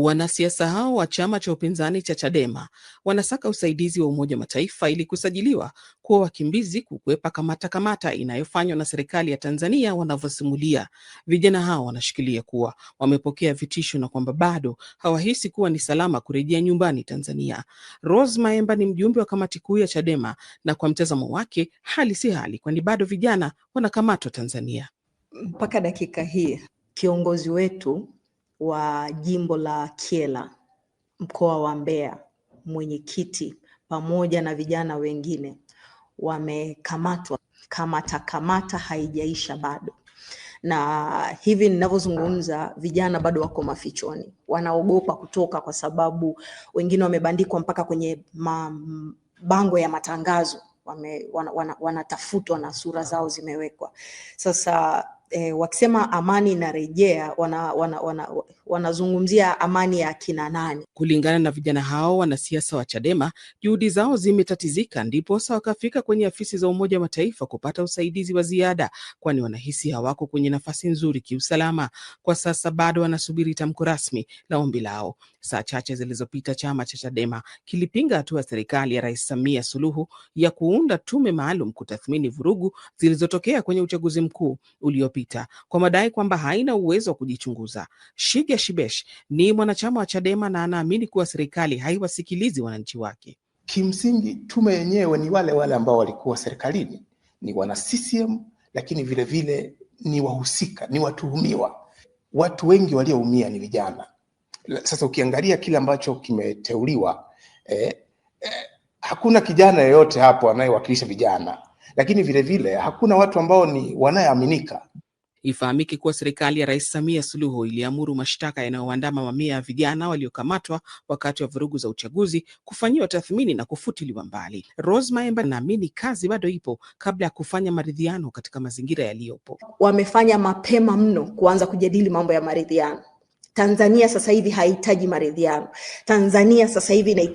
Wanasiasa hao wa chama cha upinzani cha Chadema wanasaka usaidizi wa Umoja wa Mataifa ili kusajiliwa kuwa wakimbizi kukwepa kamata kamata inayofanywa na serikali ya Tanzania. Wanavyosimulia, vijana hao wanashikilia kuwa wamepokea vitisho na kwamba bado hawahisi kuwa ni salama kurejea nyumbani Tanzania. Rose Maemba ni mjumbe wa kamati kuu ya Chadema na kwa mtazamo wake hali si hali, kwani bado vijana wanakamatwa Tanzania. Mpaka dakika hii kiongozi wetu wa jimbo la Kyela mkoa wa Mbeya, mwenyekiti pamoja na vijana wengine wamekamatwa. Kamata kamata haijaisha bado, na hivi ninavyozungumza vijana bado wako mafichoni, wanaogopa kutoka, kwa sababu wengine wamebandikwa mpaka kwenye mabango ya matangazo, wanatafutwa wana, wana na sura zao zimewekwa sasa eh, wakisema amani inarejea wana, wana, wana, wanazungumzia amani ya kina nani? Kulingana na vijana hao wanasiasa wa Chadema, juhudi zao zimetatizika, ndiposa wakafika kwenye afisi za Umoja wa Mataifa kupata usaidizi wa ziada, kwani wanahisi hawako kwenye nafasi nzuri kiusalama. Kwa sasa bado wanasubiri tamko rasmi la ombi lao. Saa chache zilizopita chama cha Chadema kilipinga hatua ya serikali ya Rais Samia Suluhu ya kuunda tume maalum kutathmini vurugu zilizotokea kwenye uchaguzi mkuu uliopita kwa madai kwamba haina uwezo wa kujichunguza. Shige Msekeshi Besh ni mwanachama wa Chadema na anaamini kuwa serikali haiwasikilizi wananchi wake. Kimsingi tume yenyewe ni wale wale ambao walikuwa serikalini, ni wana CCM, lakini vilevile vile ni wahusika, ni watuhumiwa. Watu wengi walioumia ni vijana. Sasa ukiangalia kile ambacho kimeteuliwa eh, eh, hakuna kijana yeyote hapo anayewakilisha vijana, lakini vilevile vile, hakuna watu ambao ni wanayeaminika. Ifahamike kuwa serikali ya Rais Samia Suluhu iliamuru mashtaka yanayoandama mamia ya vijana waliokamatwa wakati wa vurugu za uchaguzi kufanyiwa tathmini na kufutiliwa mbali. Rose Maemba naamini kazi bado ipo kabla ya kufanya maridhiano katika mazingira yaliyopo. Wamefanya mapema mno kuanza kujadili mambo ya maridhiano. Tanzania sasa hivi haihitaji maridhiano. Tanzania sasa hivi